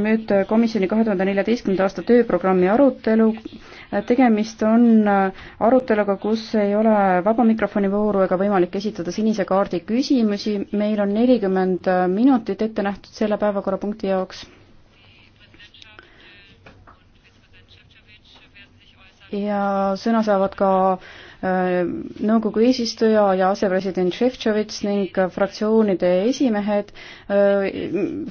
nüüd komisjoni kahe tuhande neljateistkümnenda aasta tööprogrammi arutelu. tegemist on aruteluga, kus ei ole vaba mikrofoni vooru ega võimalik esitada sinise kaardi küsimusi. meil on nelikümmend minutit ette nähtud selle päevakorrapunkti jaoks. ja sõna saavad ka äh, Äh, nõukogu eesistuja ja asepresident Šefčovitš ning äh, fraktsioonide esimehed, äh,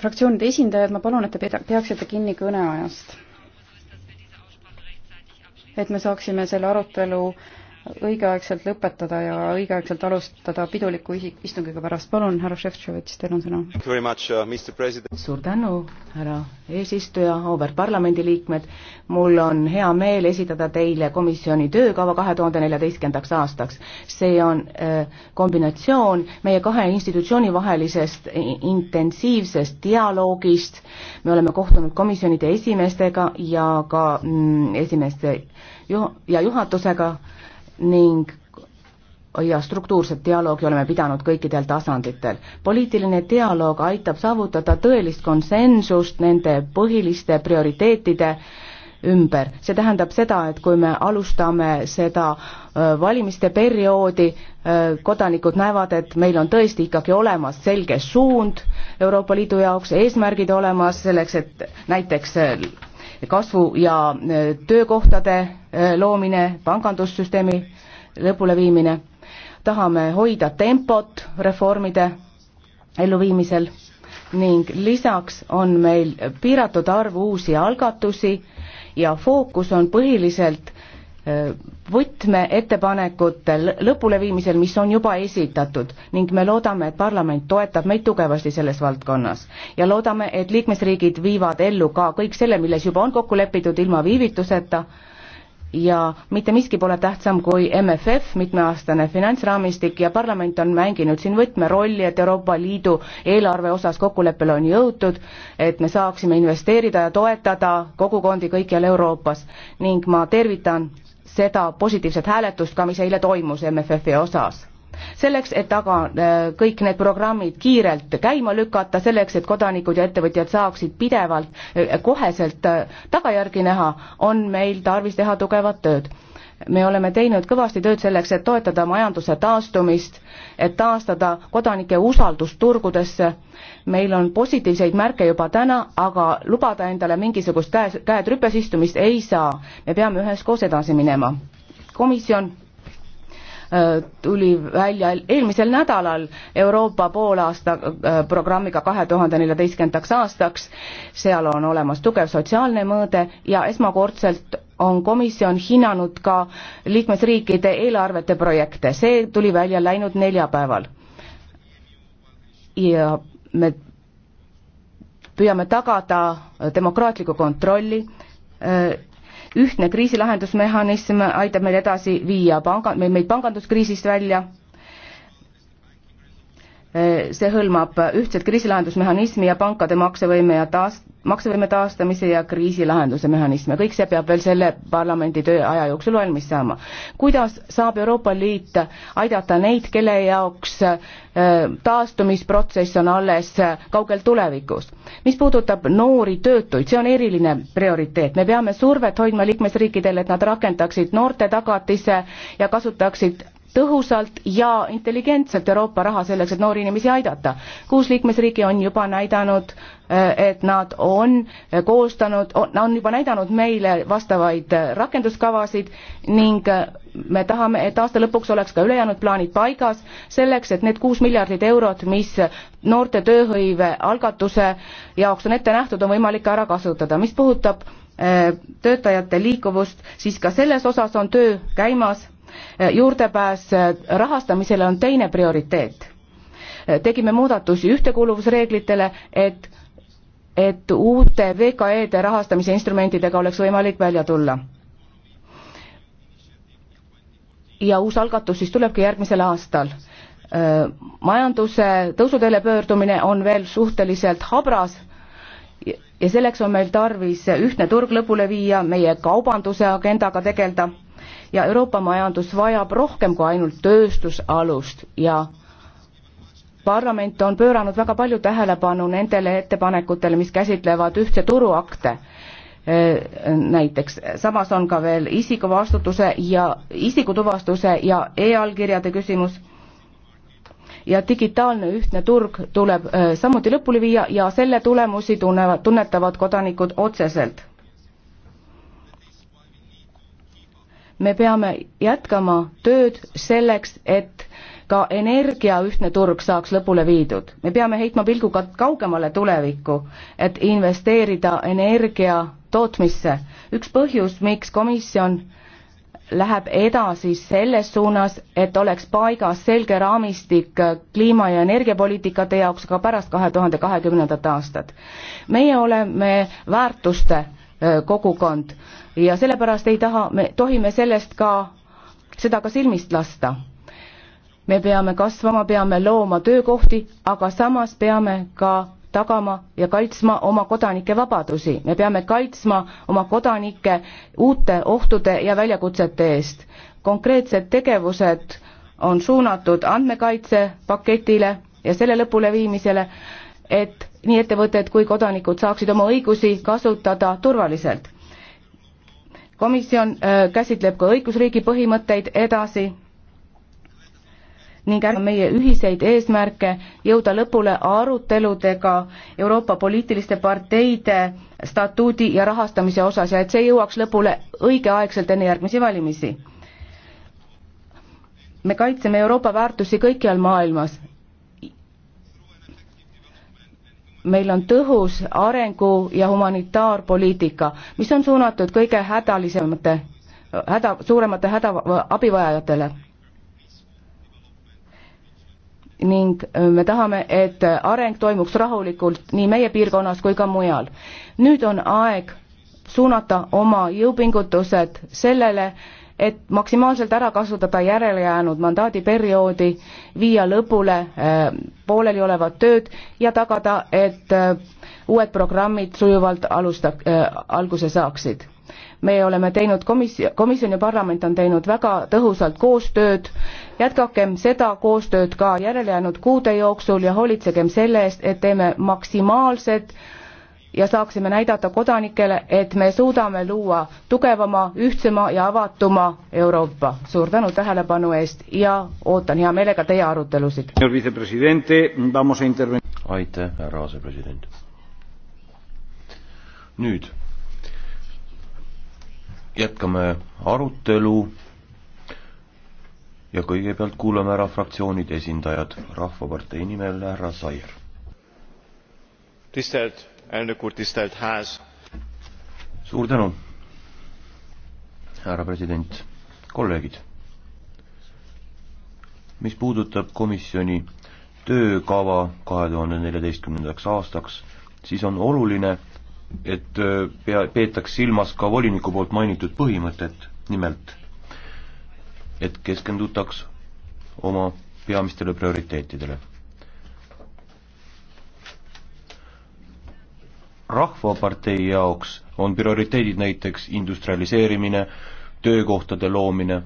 fraktsioonide esindajad, ma palun, et te peaksite kinni kõneajast. et me saaksime selle arutelu õigeaegselt lõpetada ja õigeaegselt alustada piduliku istungiga pärast. palun, härra Šefčovitš, teil on sõna. Uh, suur tänu, härra eesistuja, auväärt parlamendiliikmed. mul on hea meel esitada teile komisjoni töökava kahe tuhande neljateistkümnendaks aastaks. see on äh, kombinatsioon meie kahe institutsiooni vahelisest intensiivsest dialoogist. me oleme kohtunud komisjonide esimeestega ja ka mm, esimeeste ju- ja juhatusega ning ja struktuurset dialoogi oleme pidanud kõikidel tasanditel. poliitiline dialoog aitab saavutada tõelist konsensust nende põhiliste prioriteetide ümber, see tähendab seda, et kui me alustame seda valimiste perioodi, kodanikud näevad, et meil on tõesti ikkagi olemas selge suund Euroopa Liidu jaoks, eesmärgid olemas selleks, et näiteks kasvu ja e, töökohtade e, loomine, pangandussüsteemi lõpuleviimine. tahame hoida tempot reformide elluviimisel ning lisaks on meil piiratud arv uusi algatusi ja fookus on põhiliselt võtmeettepanekute lõpuleviimisel, mis on juba esitatud ning me loodame, et parlament toetab meid tugevasti selles valdkonnas. ja loodame, et liikmesriigid viivad ellu ka kõik selle, milles juba on kokku lepitud ilma viivituseta ja mitte miski pole tähtsam kui MFF, mitmeaastane finantsraamistik ja parlament on mänginud siin võtmerolli, et Euroopa Liidu eelarve osas kokkuleppele on jõutud, et me saaksime investeerida ja toetada kogukondi kõikjal Euroopas ning ma tervitan seda positiivset hääletust ka, mis eile toimus MFF-i osas selleks, et aga äh, kõik need programmid kiirelt käima lükata, selleks, et kodanikud ja ettevõtjad saaksid pidevalt, äh, koheselt äh, tagajärgi näha, on meil tarvis teha tugevat tööd me oleme teinud kõvasti tööd selleks, et toetada majanduse taastumist, et taastada kodanike usaldust turgudesse. meil on positiivseid märke juba täna, aga lubada endale mingisugust käes, käed rüpes istumist ei saa. me peame üheskoos edasi minema. komisjon äh, tuli välja eelmisel nädalal Euroopa poolaasta äh, programmiga kahe tuhande neljateistkümnendaks aastaks. seal on olemas tugev sotsiaalne mõõde ja esmakordselt on komisjon hinnanud ka liikmesriikide eelarvete projekte, see tuli välja läinud neljapäeval. ja me püüame tagada demokraatlikku kontrolli, ühtne kriisilahendusmehhanism aitab meil edasi viia panga, meid panganduskriisist välja, see hõlmab ühtset kriisilahendusmehhanismi ja pankade maksevõime ja taas-, maksevõime taastamise ja kriisilahenduse mehhanisme, kõik see peab veel selle parlamendi töö aja jooksul valmis saama. kuidas saab Euroopa Liit aidata neid, kelle jaoks äh, taastumisprotsess on alles äh, kaugel tulevikus? mis puudutab noori töötuid, see on eriline prioriteet, me peame survet hoidma liikmesriikidele, et nad rakendaksid noorte tagatise ja kasutaksid tõhusalt ja intelligentselt Euroopa raha selleks, et noori inimesi aidata. kuus liikmesriiki on juba näidanud, äh, et nad on koostanud, on juba näidanud meile vastavaid äh, rakenduskavasid ning äh, me tahame, et aasta lõpuks oleks ka ülejäänud plaanid paigas, selleks et need kuus miljardit eurot, mis noorte tööhõive algatuse jaoks on ette nähtud, on võimalik ära kasutada. mis puudutab töötajate liikuvust, siis ka selles osas on töö käimas Eh, juurdepääs eh, rahastamisele on teine prioriteet. Eh, tegime muudatusi ühtekuuluvusreeglitele, et et uute VKE-de rahastamise instrumentidega oleks võimalik välja tulla. ja uus algatus siis tulebki järgmisel aastal majanduse tõusuteele pöördumine on veel suhteliselt habras ja selleks on meil tarvis ühtne turg lõpule viia, meie kaubanduse agendaga tegeleda ja Euroopa majandus vajab rohkem kui ainult tööstusalust ja parlament on pööranud väga palju tähelepanu nendele ettepanekutele, mis käsitlevad ühtse turuakte näiteks, samas on ka veel isikuvastutuse ja isikutuvastuse ja e-allkirjade küsimus. ja digitaalne ühtne turg tuleb samuti lõpule viia ja selle tulemusi tunnevad, tunnetavad kodanikud otseselt. me peame jätkama tööd selleks, et ka energia ühtne turg saaks lõpule viidud. me peame heitma pilgu ka kaugemale tulevikku, et investeerida energia tootmisse. üks põhjus, miks komisjon läheb edasi selles suunas, et oleks paigas selge raamistik kliima- ja energiapoliitikate jaoks ka pärast kahe tuhande kahekümnendat aastat. meie oleme väärtuste kogukond ja sellepärast ei taha, me tohime sellest ka, seda ka silmist lasta. me peame kasvama, peame looma töökohti, aga samas peame ka tagama ja kaitsma oma kodanike vabadusi, me peame kaitsma oma kodanikke uute ohtude ja väljakutsete eest. konkreetsed tegevused on suunatud andmekaitsepaketile ja selle lõpuleviimisele, et nii ettevõtted kui kodanikud saaksid oma õigusi kasutada turvaliselt. komisjon äh, käsitleb ka õigusriigi põhimõtteid edasi ning meie ühiseid eesmärke jõuda lõpule aruteludega Euroopa poliitiliste parteide statuudi ja rahastamise osas ja et see jõuaks lõpule õigeaegselt enne järgmisi valimisi. me kaitseme Euroopa väärtusi kõikjal maailmas meil on tõhus arengu- ja humanitaarpoliitika, mis on suunatud kõige hädalisemate, häda, suuremate häda, abivajajatele. ning äh, me tahame, et areng toimuks rahulikult nii meie piirkonnas kui ka mujal. nüüd on aeg suunata oma jõupingutused sellele, et maksimaalselt ära kasutada järelejäänud mandaadiperioodi, viia lõpule äh, pooleliolevad tööd ja tagada, et äh, uued programmid sujuvalt alusta- äh,, alguse saaksid. me oleme teinud komis-, komisjon ja parlament on teinud väga tõhusalt koostööd, jätkakem seda koostööd ka järelejäänud kuude jooksul ja hoolitsegem selle eest, et teeme maksimaalsed äh, ja saaksime näidata kodanikele, et me suudame luua tugevama, ühtsema ja avatuma Euroopa. suur tänu tähelepanu eest ja ootan hea meelega teie arutelusid. aitäh, härra asepresident. nüüd jätkame arutelu ja kõigepealt kuulame ära fraktsioonide esindajad. rahvapartei nimel härra Saier. tisztelt elnök úr, tisztelt ház! suur tänu, härra president, kolleegid! mis puudutab komisjoni töökava kahe tuhande neljateistkümnendaks aastaks, siis on oluline, et äh, pea, peetaks silmas ka voliniku poolt mainitud põhimõtet, nimelt et keskendutaks oma peamistele prioriteetidele rahvapartei jaoks on prioriteedid näiteks industrialiseerimine, töökohtade loomine.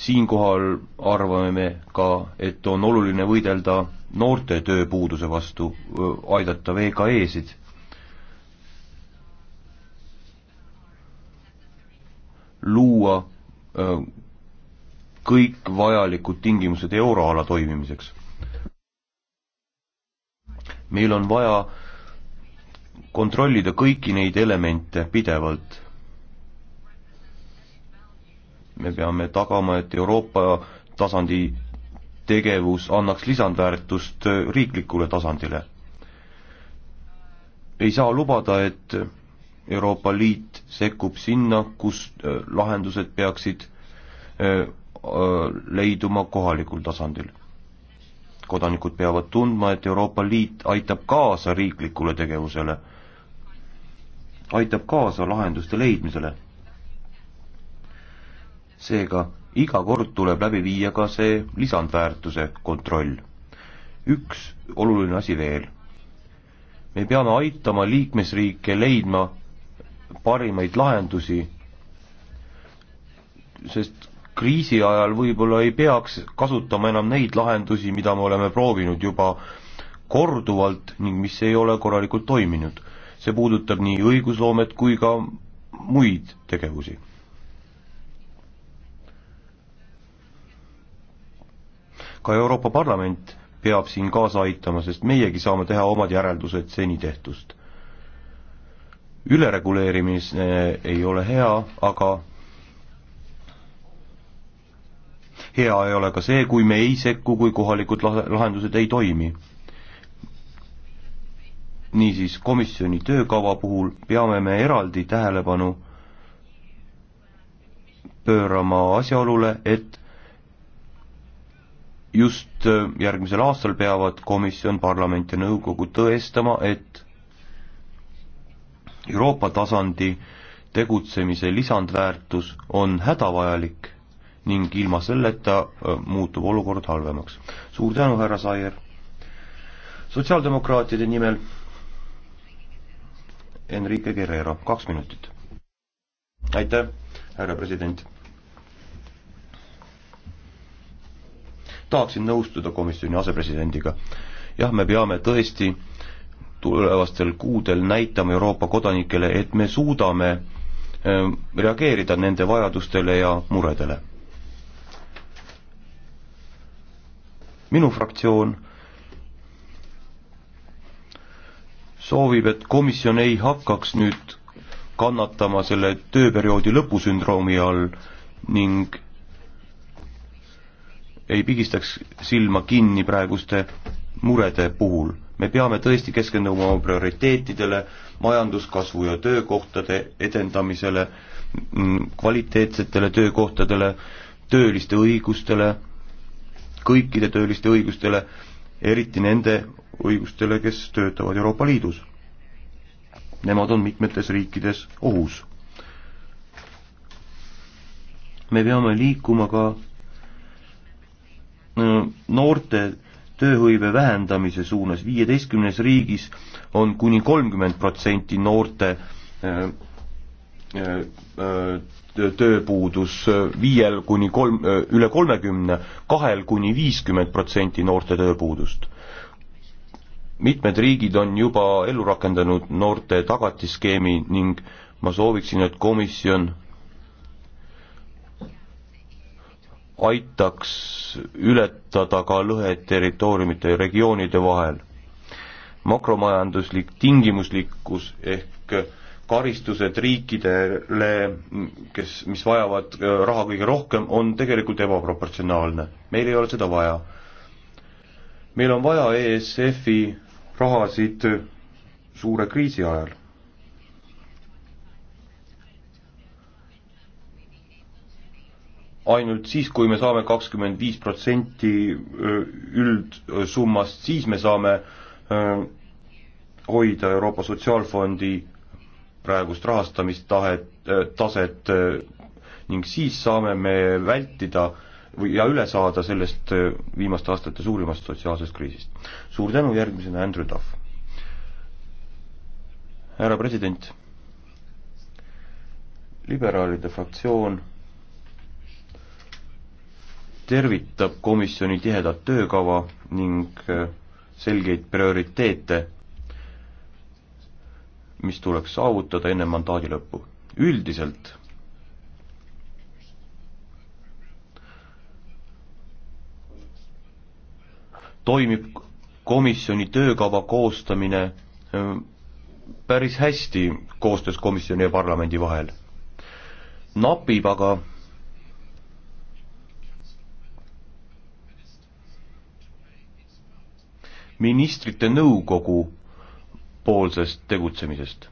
siinkohal arvame me ka, et on oluline võidelda noorte tööpuuduse vastu, aidata VKE-sid. luua kõik vajalikud tingimused euroala toimimiseks. meil on vaja äh, kontrollida kõiki neid elemente pidevalt. me peame tagama, et Euroopa tasandi tegevus annaks lisandväärtust riiklikule tasandile. ei saa lubada, et Euroopa Liit sekkub sinna, kus äh, lahendused peaksid äh, äh, leiduma kohalikul tasandil. kodanikud peavad tundma, et Euroopa Liit aitab kaasa riiklikule tegevusele aitab kaasa lahenduste leidmisele. seega iga kord tuleb läbi viia ka see lisandväärtuse kontroll. üks oluline asi veel. me peame aitama liikmesriike leidma parimaid lahendusi, sest kriisi ajal võib-olla ei peaks kasutama enam neid lahendusi, mida me oleme proovinud juba korduvalt ning mis ei ole korralikult toiminud see puudutab nii õigusloomet kui ka muid tegevusi. ka Euroopa Parlament peab siin kaasa aitama, sest meiegi saame teha omad järeldused seni tehtust. ülereguleerimine ei ole hea, aga hea ei ole ka see, kui me ei sekku, kui kohalikud lahendused ei toimi niisiis, komisjoni töökava puhul peame me eraldi tähelepanu pöörama asjaolule, et just äh, järgmisel aastal peavad komisjon, parlament ja nõukogu tõestama, et Euroopa tasandi tegutsemise lisandväärtus on hädavajalik ning ilma selleta äh, muutub olukord halvemaks. suur tänu, härra Saier! sotsiaaldemokraatide nimel Enrique Guerrero, kaks minutit. aitäh, härra president. tahaksin nõustuda komisjoni asepresidendiga. jah, me peame tõesti tulevastel kuudel näitama Euroopa kodanikele, et me suudame ähm, reageerida nende vajadustele ja muredele. minu fraktsioon soovib, et komisjon ei hakkaks nüüd kannatama selle tööperioodi lõpusündroomi all ning ei pigistaks silma kinni praeguste murede puhul. me peame tõesti keskenduma oma prioriteetidele, majanduskasvu ja töökohtade edendamisele, mm, kvaliteetsetele töökohtadele, tööliste õigustele, kõikide tööliste õigustele eriti nende õigustele, kes töötavad Euroopa Liidus. Nemad on mitmetes riikides ohus. me peame liikuma ka äh, noorte tööhõive vähendamise suunas, viieteistkümnes riigis on kuni kolmkümmend protsenti noorte öö, äh, öö, äh, tööpuudus viiel kuni kolm, üle kolmekümne, kahel kuni viiskümmend protsenti noorte tööpuudust. mitmed riigid on juba ellu rakendanud noorte tagatisskeemi ning ma sooviksin, et komisjon aitaks ületada ka lõhed territooriumite ja regioonide vahel. makromajanduslik tingimuslikkus ehk karistused riikidele, kes, mis vajavad äh, raha kõige rohkem, on tegelikult ebaproportsionaalne. meil ei ole seda vaja. meil on vaja ESF-i rahasid suure kriisi ajal. ainult siis, kui me saame kakskümmend viis protsenti äh, üldsummast, siis me saame äh, hoida Euroopa Sotsiaalfondi praegust rahastamistahet, äh, taset äh, ning siis saame me vältida või, ja üle saada sellest äh, viimaste aastate suurimast sotsiaalsest kriisist. suur tänu, järgmisena Andrew Duff. härra president, liberaalide fraktsioon tervitab komisjoni tihedat töökava ning selgeid prioriteete mis tuleks saavutada enne mandaadi lõppu. üldiselt toimib komisjoni töökava koostamine äh, päris hästi koostöös komisjoni ja parlamendi vahel. napib aga ministrite nõukogu poolsest tegutsemisest.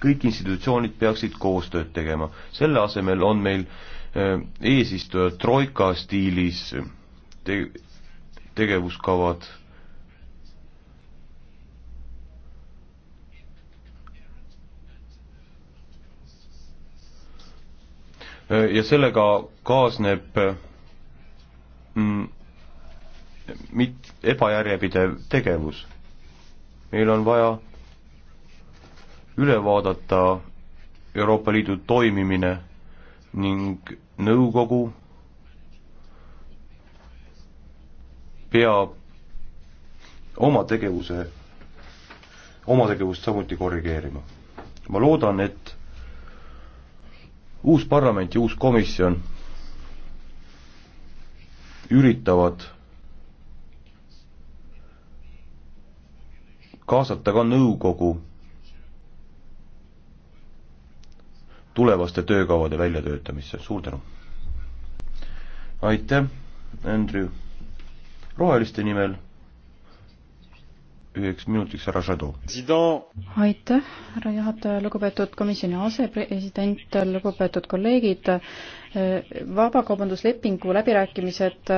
kõik institutsioonid peaksid koostööd tegema, selle asemel on meil äh, eesistuja troika stiilis äh, te-, tegevuskavad äh, ja sellega kaasneb mm, mit-, ebajärjepidev tegevus. meil on vaja üle vaadata Euroopa Liidu toimimine ning nõukogu peab oma tegevuse, oma tegevust samuti korrigeerima. ma loodan, et uus parlament ja uus komisjon üritavad kaasata ka nõukogu tulevaste töökavade väljatöötamisse, suur tänu! aitäh, Andrew! roheliste nimel üheks minutiks härra Šadu. aitäh, härra juhataja, lugupeetud komisjoni asepresident, lugupeetud kolleegid. vabakaubanduslepingu läbirääkimised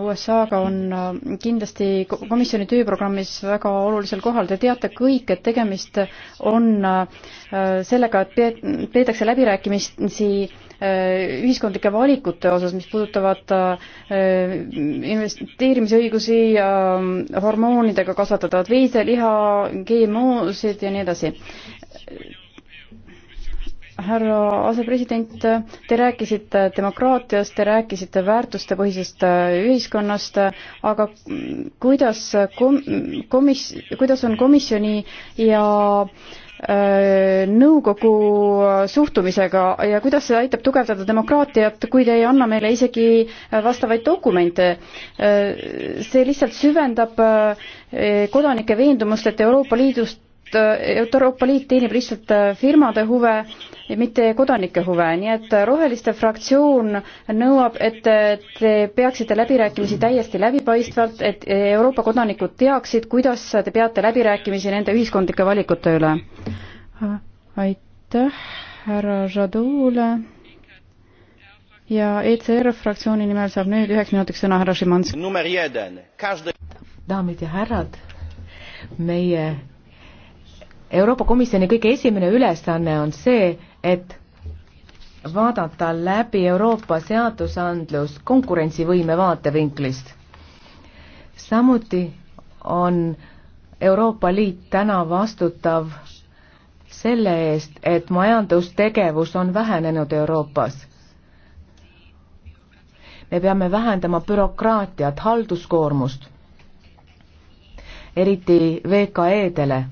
USA-ga on kindlasti komisjoni tööprogrammis väga olulisel kohal. Te teate kõik, et tegemist on sellega, et peetakse läbirääkimisi Äh, ühiskondlike valikute osas, mis puudutavad äh, investeerimisõigusi ja ähm, hormoonidega kasvatatavat veiseliha, GMO-sid ja nii edasi härra asepresident, te rääkisite demokraatiast, te rääkisite väärtustepõhisest äh, ühiskonnast, aga kuidas kom-, komis-, kuidas on komisjoni ja Äh, nõukogu suhtumisega ja kuidas see aitab tugevdada demokraatiat, kui te ei anna meile isegi äh, vastavaid dokumente. Äh, see lihtsalt süvendab kodanike veendumust, et Euroopa Liidust Äh, et Euroopa Liit teenib lihtsalt äh, firmade huve, mitte kodanike huve, nii et äh, Roheliste fraktsioon nõuab, et te peaksite läbirääkimisi täiesti läbipaistvalt, et Euroopa kodanikud teaksid, kuidas te peate läbirääkimisi nende ühiskondlike valikute üle. aitäh härra Žadule ja ECR fraktsiooni nimel saab nüüd üheks minutiks sõna härra Šimanski. daamid ja härrad, meie Euroopa Komisjoni kõige esimene ülesanne on see, et vaadata läbi Euroopa seadusandlus konkurentsivõime vaatevinklist. samuti on Euroopa Liit täna vastutav selle eest, et majandustegevus on vähenenud Euroopas. me peame vähendama bürokraatiat, halduskoormust, eriti VKE-dele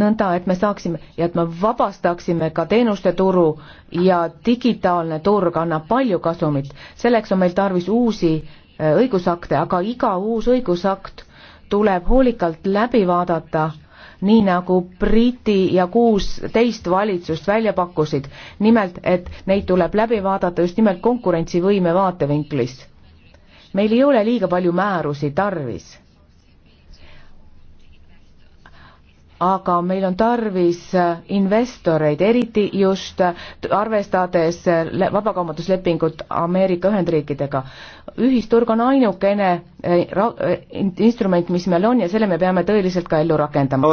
nõnda, et me saaksime ja et me vabastaksime ka teenuste turu ja digitaalne turg annab palju kasumit. selleks on meil tarvis uusi äh, õigusakte, aga iga uus õigusakt tuleb hoolikalt läbi vaadata, nii nagu Briti ja kuusteist valitsust välja pakkusid. nimelt, et neid tuleb läbi vaadata just nimelt konkurentsivõime vaatevinklist. meil ei ole liiga palju määrusi tarvis aga meil on tarvis äh, investoreid, eriti just äh, arvestades äh, vabakaubanduslepingut Ameerika Ühendriikidega. ühisturg on ainukene instrument, mis meil on ja selle me peame tõeliselt ka ellu rakendama.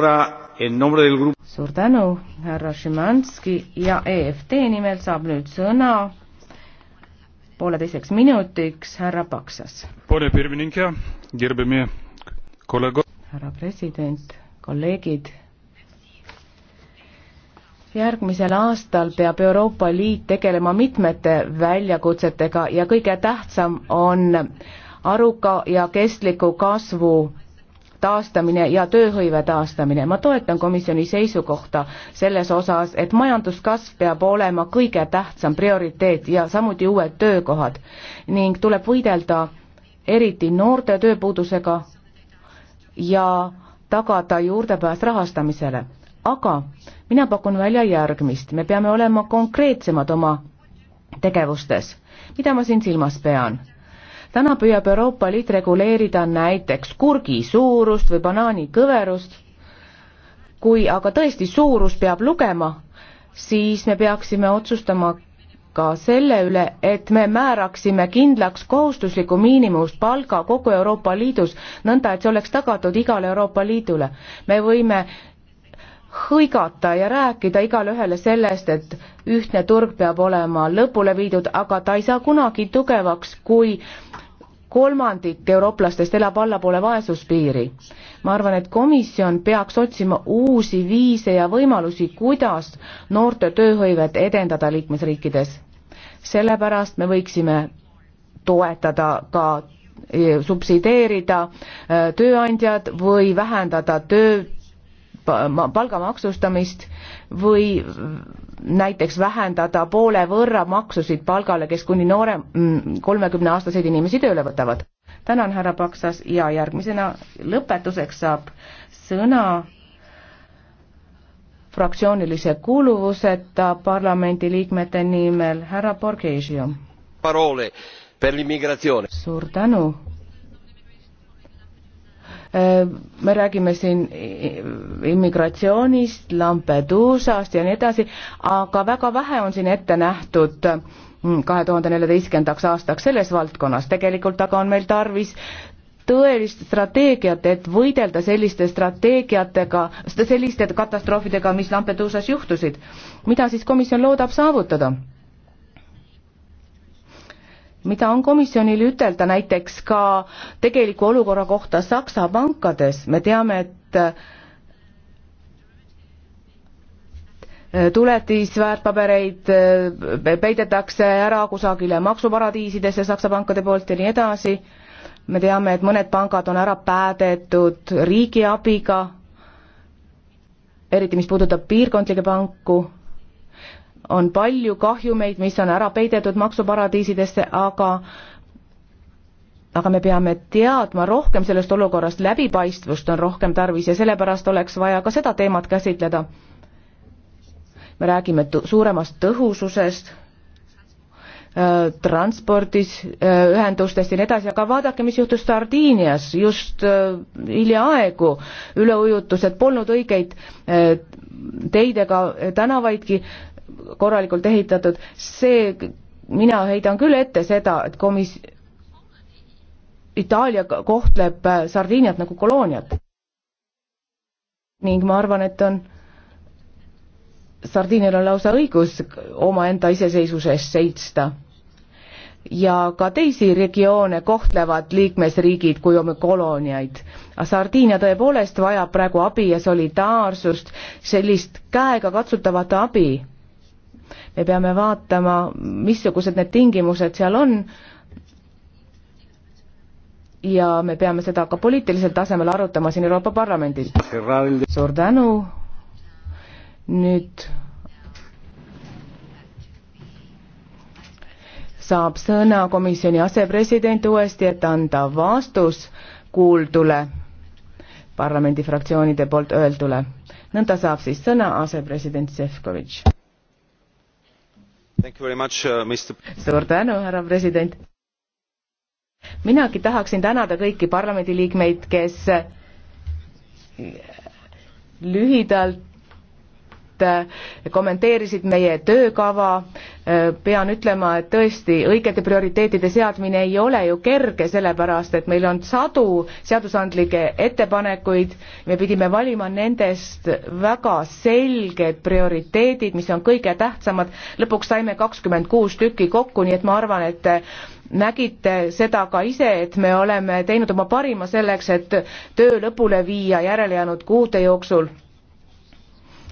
suur tänu, härra Šimanski ja EFT nimel saab nüüd sõna pooleteiseks minutiks härra Paksas. härra president kolleegid! järgmisel aastal peab Euroopa Liit tegelema mitmete väljakutsetega ja kõige tähtsam on aruka ja kestliku kasvu taastamine ja tööhõive taastamine. ma toetan komisjoni seisukohta selles osas, et majanduskasv peab olema kõige tähtsam prioriteet ja samuti uued töökohad ning tuleb võidelda eriti noorte tööpuudusega ja tagada juurdepääs rahastamisele. aga mina pakun välja järgmist, me peame olema konkreetsemad oma tegevustes. mida ma siin silmas pean? täna püüab Euroopa Liit reguleerida näiteks kurgi suurust või banaani kõverust, kui aga tõesti suurus peab lugema, siis me peaksime otsustama, ka selle üle, et me määraksime kindlaks kohustusliku miinimumpalga kogu Euroopa Liidus, nõnda et see oleks tagatud igale Euroopa Liidule. me võime hõigata ja rääkida igale ühele sellest, et ühtne turg peab olema lõpule viidud, aga ta ei saa kunagi tugevaks, kui kolmandik eurooplastest elab allapoole vaesuspiiri. ma arvan, et komisjon peaks otsima uusi viise ja võimalusi, kuidas noorte tööhõivet edendada liikmesriikides sellepärast me võiksime toetada ka e, subsideerida e, tööandjad või vähendada töö palga maksustamist või näiteks vähendada poole võrra maksusid palgale, kes kuni noorem, mm, kolmekümneaastaseid inimesi tööle võtavad. tänan, härra Paksas ja järgmisena lõpetuseks saab sõna fraktsioonilise kuuluvuseta parlamendiliikmete nimel härra Borghesio. suur tänu. Äh, me räägime siin immigratsioonist, Lampeduusast ja nii edasi, aga väga vähe on siin ette nähtud mm, kahe tuhande neljateistkümnendaks aastaks selles valdkonnas, tegelikult aga on meil tarvis tõelist strateegiat, et võidelda selliste strateegiatega, selliste katastroofidega, mis Lampeduusas juhtusid. mida siis komisjon loodab saavutada? mida on komisjonil ütelda näiteks ka tegeliku olukorra kohta Saksa pankades, me teame, et tuletisväärtpabereid äh, peidetakse ära kusagile maksuparadiisidesse Saksa pankade poolt ja nii edasi me teame, et mõned pangad on ära päädetud riigiabiga, eriti mis puudutab piirkondlikke panku, on palju kahjumeid, mis on ära peidetud maksuparadiisidesse, aga aga me peame teadma rohkem sellest olukorrast, läbipaistvust on rohkem tarvis ja sellepärast oleks vaja ka seda teemat käsitleda. me räägime suuremast tõhususest Äh, transpordis, äh, ühendustes ja nii edasi, aga vaadake, mis juhtus Sardiinias just äh, hiljaaegu, üleujutused polnud õigeid teidega tänavaidki korralikult ehitatud, see, mina heidan küll ette seda, et komis-, Itaalia kohtleb Sardiiniat nagu kolooniat. ning ma arvan, et on Sardiinial on lausa õigus omaenda iseseisvuse eest seista. ja ka teisi regioone kohtlevad liikmesriigid kui oma kolooniaid. Sardiinia tõepoolest vajab praegu abi ja solidaarsust, sellist käegakatsutavat abi. me peame vaatama, missugused need tingimused seal on ja me peame seda ka poliitilisel tasemel arutama siin Euroopa Parlamendis. suur tänu nüüd saab sõna komisjoni asepresident uuesti, et anda vastus kuuldule parlamendifraktsioonide poolt öeldule. nõnda saab siis sõna asepresident Sefkovitš. Uh, suur tänu, härra president. minagi tahaksin tänada kõiki parlamendiliikmeid, kes lühidalt et eh, kommenteerisid meie töökava. Eh, pean ütlema, et tõesti õigete prioriteetide seadmine ei ole ju kerge, sellepärast et meil on sadu seadusandlikke ettepanekuid. me pidime valima nendest väga selged prioriteedid, mis on kõige tähtsamad. lõpuks saime kakskümmend kuus tükki kokku, nii et ma arvan, et nägite seda ka ise, et me oleme teinud oma parima selleks, et töö lõpule viia järelejäänud kuude jooksul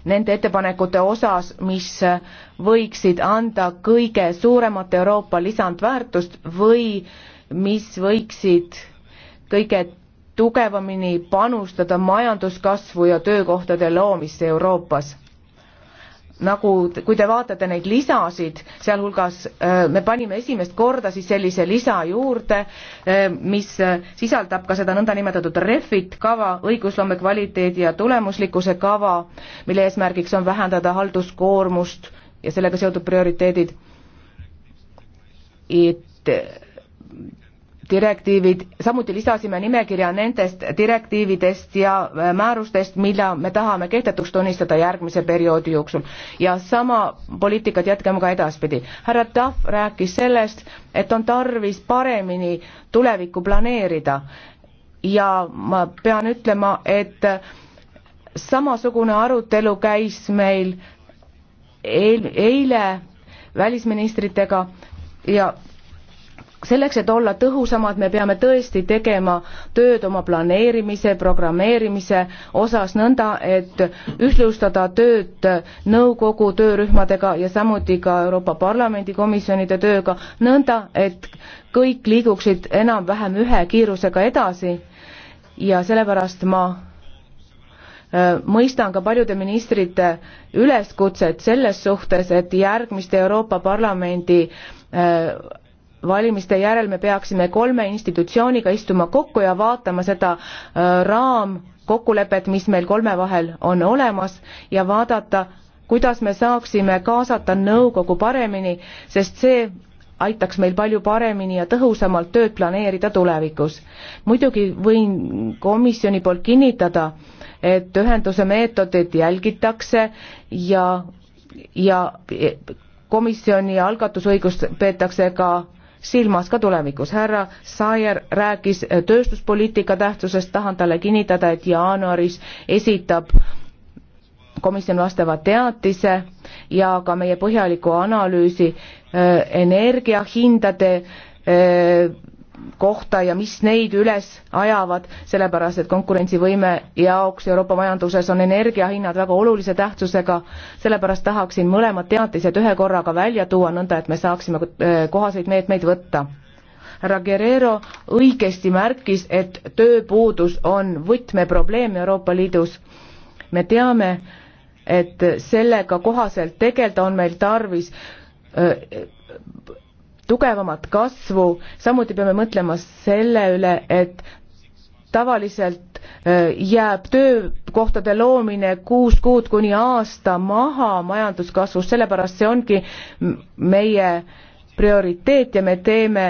nende ettepanekute osas, mis võiksid anda kõige suuremat Euroopa lisandväärtust või mis võiksid kõige tugevamini panustada majanduskasvu ja töökohtade loomisse Euroopas nagu, kui te vaatate neid lisasid, sealhulgas äh, me panime esimest korda siis sellise lisa juurde, äh, mis äh, sisaldab ka seda nõndanimetatud REFit kava, õigusloome kvaliteedi ja tulemuslikkuse kava, mille eesmärgiks on vähendada halduskoormust ja sellega seotud prioriteedid. et direktiivid, samuti lisasime nimekirja nendest direktiividest ja äh, määrustest, mille me tahame kehtetuks tunnistada järgmise perioodi jooksul. ja sama poliitikat jätkame ka edaspidi. härra Tahv rääkis sellest, et on tarvis paremini tulevikku planeerida ja ma pean ütlema, et samasugune arutelu käis meil eil, eile välisministritega ja selleks, et olla tõhusamad, me peame tõesti tegema tööd oma planeerimise, programmeerimise osas nõnda, et ühtlustada tööd nõukogu töörühmadega ja samuti ka Euroopa Parlamendi komisjonide tööga, nõnda et kõik liiguksid enam-vähem ühe kiirusega edasi ja sellepärast ma äh, mõistan ka paljude ministrite üleskutset selles suhtes, et järgmiste Euroopa Parlamendi äh, valimiste järel me peaksime kolme institutsiooniga istuma kokku ja vaatama seda äh, raamkokkulepet, mis meil kolme vahel on olemas ja vaadata, kuidas me saaksime kaasata nõukogu paremini, sest see aitaks meil palju paremini ja tõhusamalt tööd planeerida tulevikus. muidugi võin komisjoni poolt kinnitada, et ühenduse meetodit jälgitakse ja, ja komisjoni algatusõigust peetakse ka silmas ka tulevikus. härra Saier rääkis äh, tööstuspoliitika tähtsusest, tahan talle kinnitada, et jaanuaris esitab komisjon vastava teatise ja ka meie põhjaliku analüüsi äh, energiahindade äh, kohta ja mis neid üles ajavad, sellepärast et konkurentsivõime jaoks Euroopa majanduses on energiahinnad väga olulise tähtsusega, sellepärast tahaksin mõlemad teatised ühe korraga välja tuua, nõnda et me saaksime äh, kohaseid meetmeid võtta. härra Guerrero õigesti märkis, et tööpuudus on võtmeprobleem Euroopa Liidus. me teame, et sellega kohaselt tegeleda on meil tarvis äh, tugevamat kasvu, samuti peame mõtlema selle üle, et tavaliselt äh, jääb töökohtade loomine kuus kuud kuni aasta maha majanduskasvust, sellepärast see ongi meie prioriteet ja me teeme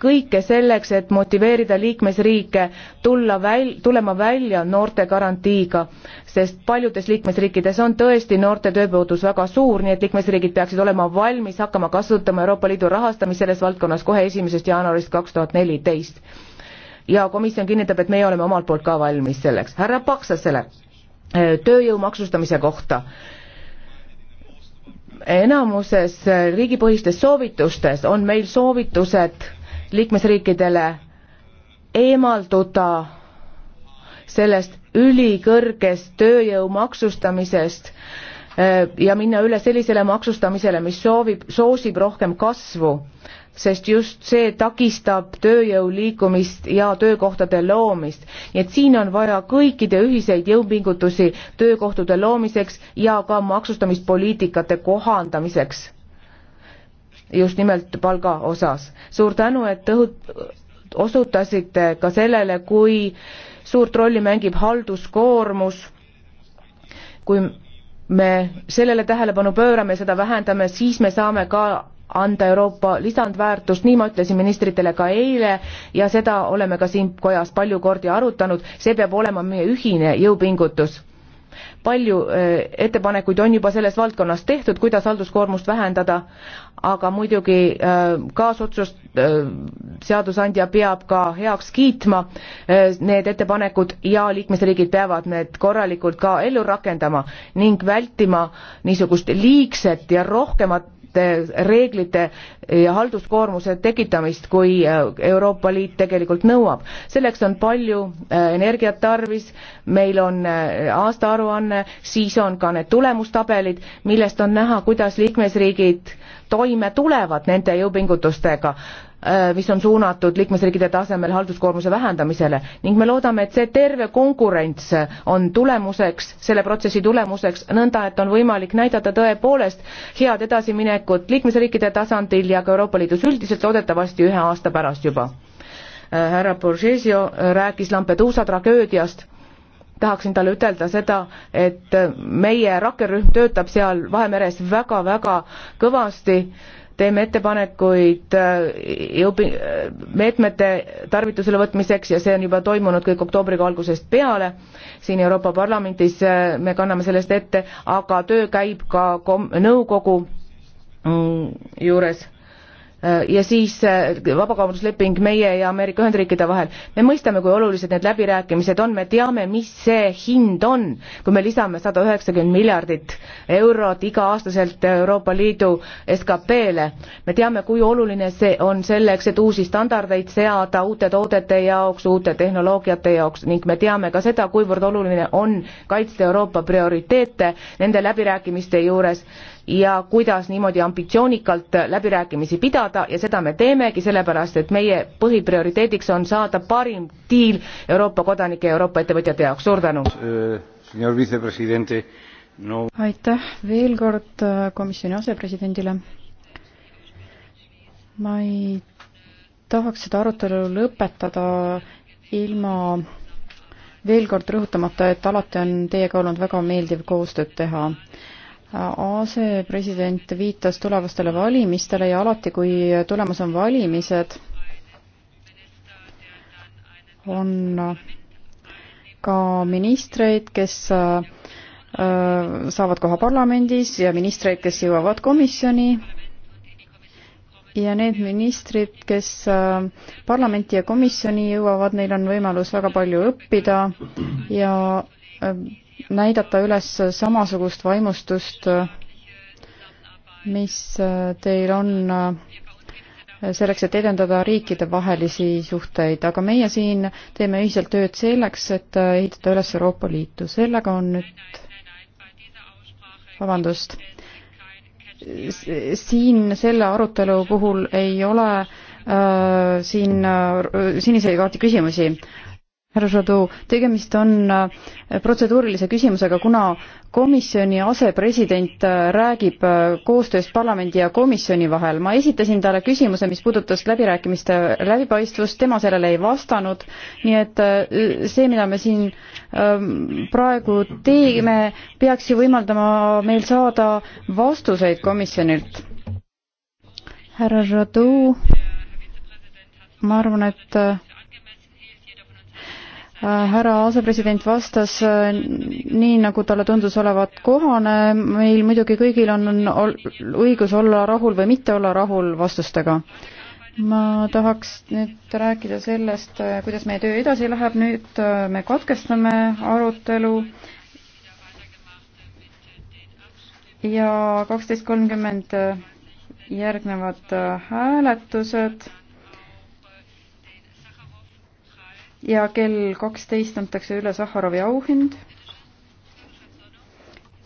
kõike selleks, et motiveerida liikmesriike tulla väl-, tulema välja noortegarantiiga, sest paljudes liikmesriikides on tõesti noorte tööpuudus väga suur, nii et liikmesriigid peaksid olema valmis hakkama kasutama Euroopa Liidu rahastamist selles valdkonnas kohe esimesest jaanuarist kaks tuhat neliteist. ja komisjon kinnitab, et meie oleme omalt poolt ka valmis selleks. härra Paksasele tööjõu maksustamise kohta enamuses äh, riigipõhistes soovitustes on meil soovitused liikmesriikidele eemalduda sellest ülikõrgest tööjõu maksustamisest äh, ja minna üle sellisele maksustamisele, mis soovib, soosib rohkem kasvu, sest just see takistab tööjõu liikumist ja töökohtade loomist. nii et siin on vaja kõikide ühiseid jõupingutusi töökohtade loomiseks ja ka maksustamispoliitikate kohandamiseks just nimelt palga osas. suur tänu, et õhut-, osutasite ka sellele, kui suurt rolli mängib halduskoormus, kui me sellele tähelepanu pöörame, seda vähendame, siis me saame ka anda Euroopa lisandväärtust, nii ma ütlesin ministritele ka eile ja seda oleme ka siin kojas palju kordi arutanud, see peab olema meie ühine jõupingutus palju äh, ettepanekuid on juba selles valdkonnas tehtud, kuidas halduskoormust vähendada, aga muidugi äh, kaasotsust äh, seadusandja peab ka heaks kiitma, need ettepanekud ja liikmesriigid peavad need korralikult ka ellu rakendama ning vältima niisugust liigset ja rohkemat kõrgete reeglite ja halduskoormuse tekitamist, kui äh, Euroopa Liit tegelikult nõuab. selleks on palju äh, energiat tarvis, meil on äh, aastaaruanne, siis on ka need tulemustabelid, millest on näha, kuidas liikmesriigid toime tulevad nende jõupingutustega Äh, mis on suunatud liikmesriikide tasemel halduskoormuse vähendamisele ning me loodame, et see terve konkurents on tulemuseks, selle protsessi tulemuseks, nõnda et on võimalik näidata tõepoolest head edasiminekut liikmesriikide tasandil ja ka Euroopa Liidus üldiselt, loodetavasti ühe aasta pärast juba. Äh, härra Borgesio äh, rääkis Lampeduusa tragöödiast tahaksin talle ütelda seda, et meie rakkerühm töötab seal Vahemeres väga-väga kõvasti äh, teeme ettepanekuid äh, õpi-, äh, meetmete tarvitusele võtmiseks ja see on juba toimunud kõik oktoobrikuu algusest peale, siin Euroopa Parlamendis äh, me kanname sellest ette, aga töö käib ka kom-, nõukogu mm, juures Äh, ja siis äh, vabakaubandusleping meie ja Ameerika Ühendriikide vahel. me mõistame, kui olulised need läbirääkimised on, me teame, mis see hind on, kui me lisame sada üheksakümmend miljardit eurot iga-aastaselt Euroopa Liidu SKP-le. me teame, kui oluline see on selleks, et uusi standardeid seada uute toodete jaoks, uute tehnoloogiate jaoks ning me teame ka seda, kuivõrd oluline on kaitsta Euroopa prioriteete nende läbirääkimiste juures ja kuidas niimoodi ambitsioonikalt läbirääkimisi pidada ja seda me teemegi, sellepärast et meie põhiprioriteediks on saada parim diil Euroopa kodanike ja Euroopa ettevõtjate jaoks, suur tänu! No. aitäh veel kord äh, komisjoni asepresidendile. ma ei tahaks seda arutelu lõpetada ilma veel kord rõhutamata, et alati on teiega olnud väga meeldiv koostööd teha asepresident viitas tulevastele valimistele ja alati, kui tulemas on valimised, on ka ministreid, kes äh, saavad koha parlamendis ja ministreid, kes jõuavad komisjoni ja need ministrid, kes äh, parlamenti ja komisjoni jõuavad, neil on võimalus väga palju õppida ja äh, näidata üles samasugust vaimustust, mis teil on selleks, et edendada riikidevahelisi suhteid, aga meie siin teeme ühiselt tööd selleks, et ehitada üles Euroopa Liitu. sellega on nüüd, vabandust, siin selle arutelu puhul ei ole äh, siin äh, sinise kaardi küsimusi äh, härra Žadov, tegemist on äh, protseduurilise küsimusega, kuna komisjoni asepresident äh, räägib äh, koostööst parlamendi ja komisjoni vahel. ma esitasin talle küsimuse, mis puudutas läbirääkimiste läbipaistvust, tema sellele ei vastanud, nii et see, mida me siin ähm, praegu teeme, peaks ju võimaldama meil saada vastuseid komisjonilt. härra Žadov, ma arvan, et Äh, härra asepresident vastas äh, nii, nagu talle tundus olevat kohane, meil muidugi kõigil on õigus olla rahul või mitte olla rahul vastustega. ma tahaks nüüd rääkida sellest, äh, kuidas meie töö edasi läheb, nüüd me katkestame arutelu ja kaksteist kolmkümmend järgnevad hääletused ja kell kaksteist antakse üle Sahharovi auhind.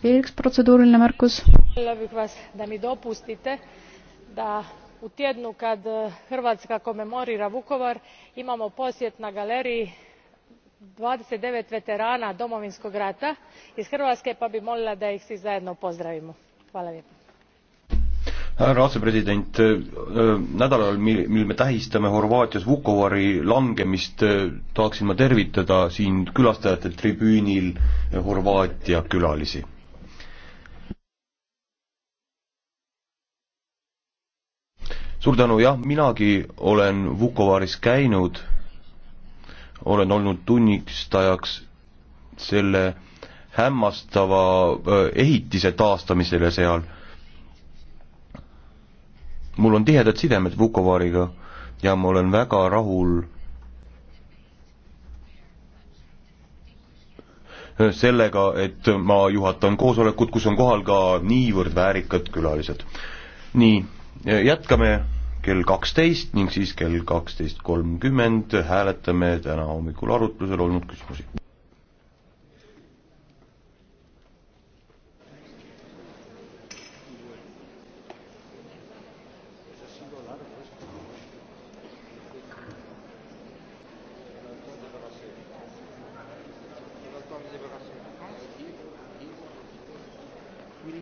veel üks protseduuriline märkus. u tjednu kad e, hrvatska komemorira vukovar imamo posjet na galeriji twenty nine veterana domovinskog rata iz hrvatske pa bih molila da ih svi zajedno pozdravimo. hvala härra asepresident, äh, äh, nädalal, mil, mil me tähistame Horvaatias Vukovari langemist, äh, tahaksin ma tervitada siin külastajate tribüünil Horvaatia külalisi. suur tänu, jah, minagi olen Vukovaris käinud, olen olnud tunnistajaks selle hämmastava ehitise taastamisele seal mul on tihedad sidemed Vukovariga ja ma olen väga rahul sellega, et ma juhatan koosolekut, kus on kohal ka niivõrd väärikad külalised. nii, jätkame kell kaksteist ning siis kell kaksteist kolmkümmend hääletame täna hommikul arutlusel olnud küsimusi.